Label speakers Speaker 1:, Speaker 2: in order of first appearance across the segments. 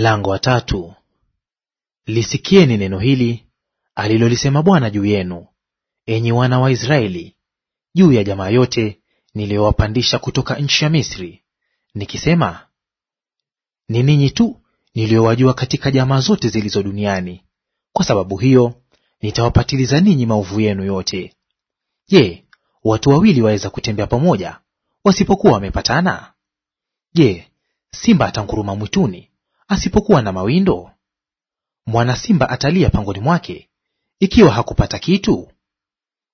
Speaker 1: Mlango wa tatu. Lisikieni neno hili alilolisema Bwana juu yenu, enyi wana wa Israeli, juu ya jamaa yote niliyowapandisha kutoka nchi ya Misri, nikisema, ni ninyi tu niliyowajua katika jamaa zote zilizo duniani. Kwa sababu hiyo nitawapatiliza ninyi maovu yenu yote. Je, watu wawili waweza kutembea pamoja wasipokuwa wamepatana? Je, simba atanguruma mwituni asipokuwa na mawindo? Mwana simba atalia pangoni mwake ikiwa hakupata kitu.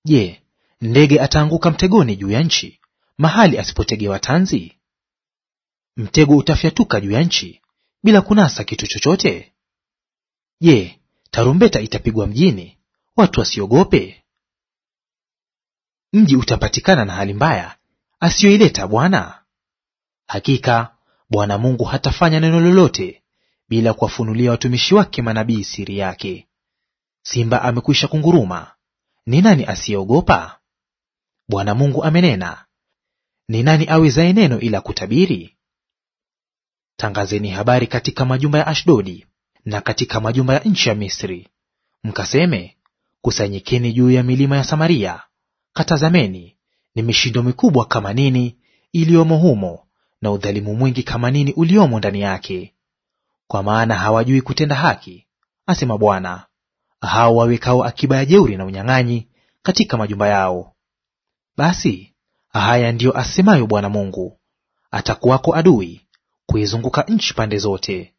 Speaker 1: Je, ndege ataanguka mtegoni juu ya nchi, mahali asipotegewa tanzi? Mtego utafyatuka juu ya nchi bila kunasa kitu chochote? Je, tarumbeta itapigwa mjini, watu wasiogope? Mji utapatikana na hali mbaya asiyoileta Bwana. Hakika Bwana Mungu hatafanya neno lolote bila kuwafunulia watumishi wake manabii siri yake. Simba amekwisha kunguruma, ni nani asiyeogopa? Bwana Mungu amenena, ni nani awezaye neno ila kutabiri? Tangazeni habari katika majumba ya Ashdodi na katika majumba ya nchi ya Misri, mkaseme, kusanyikeni juu ya milima ya Samaria, katazameni ni mishindo mikubwa kama nini iliyomo humo, na udhalimu mwingi kama nini uliomo ndani yake. Kwa maana hawajui kutenda haki, asema Bwana, hao wawekao akiba ya jeuri na unyang'anyi katika majumba yao. Basi haya ndiyo asemayo Bwana Mungu, atakuwako adui kuizunguka nchi pande zote,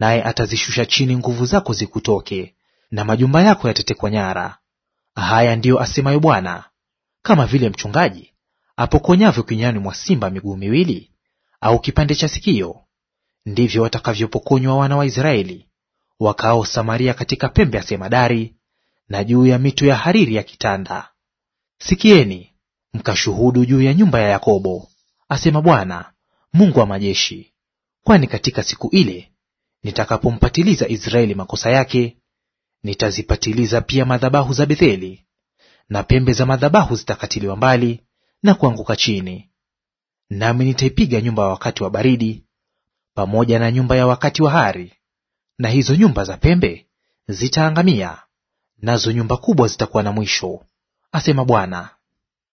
Speaker 1: naye atazishusha chini nguvu zako zikutoke, na majumba yako yatetekwa nyara. Haya ndiyo asemayo Bwana, kama vile mchungaji apokonyavyo kinywani mwa simba miguu miwili au kipande cha sikio ndivyo watakavyopokonywa wana wa Israeli wakao Samaria, katika pembe ya Semadari na juu ya mito ya hariri ya kitanda. Sikieni mkashuhudu juu ya nyumba ya Yakobo, asema Bwana Mungu wa majeshi, kwani katika siku ile nitakapompatiliza Israeli makosa yake, nitazipatiliza pia madhabahu za Betheli, na pembe za madhabahu zitakatiliwa mbali na kuanguka chini. Nami nitaipiga nyumba wakati wa baridi pamoja na nyumba ya wakati wa hari, na hizo nyumba za pembe zitaangamia, nazo nyumba kubwa zitakuwa na mwisho, asema Bwana.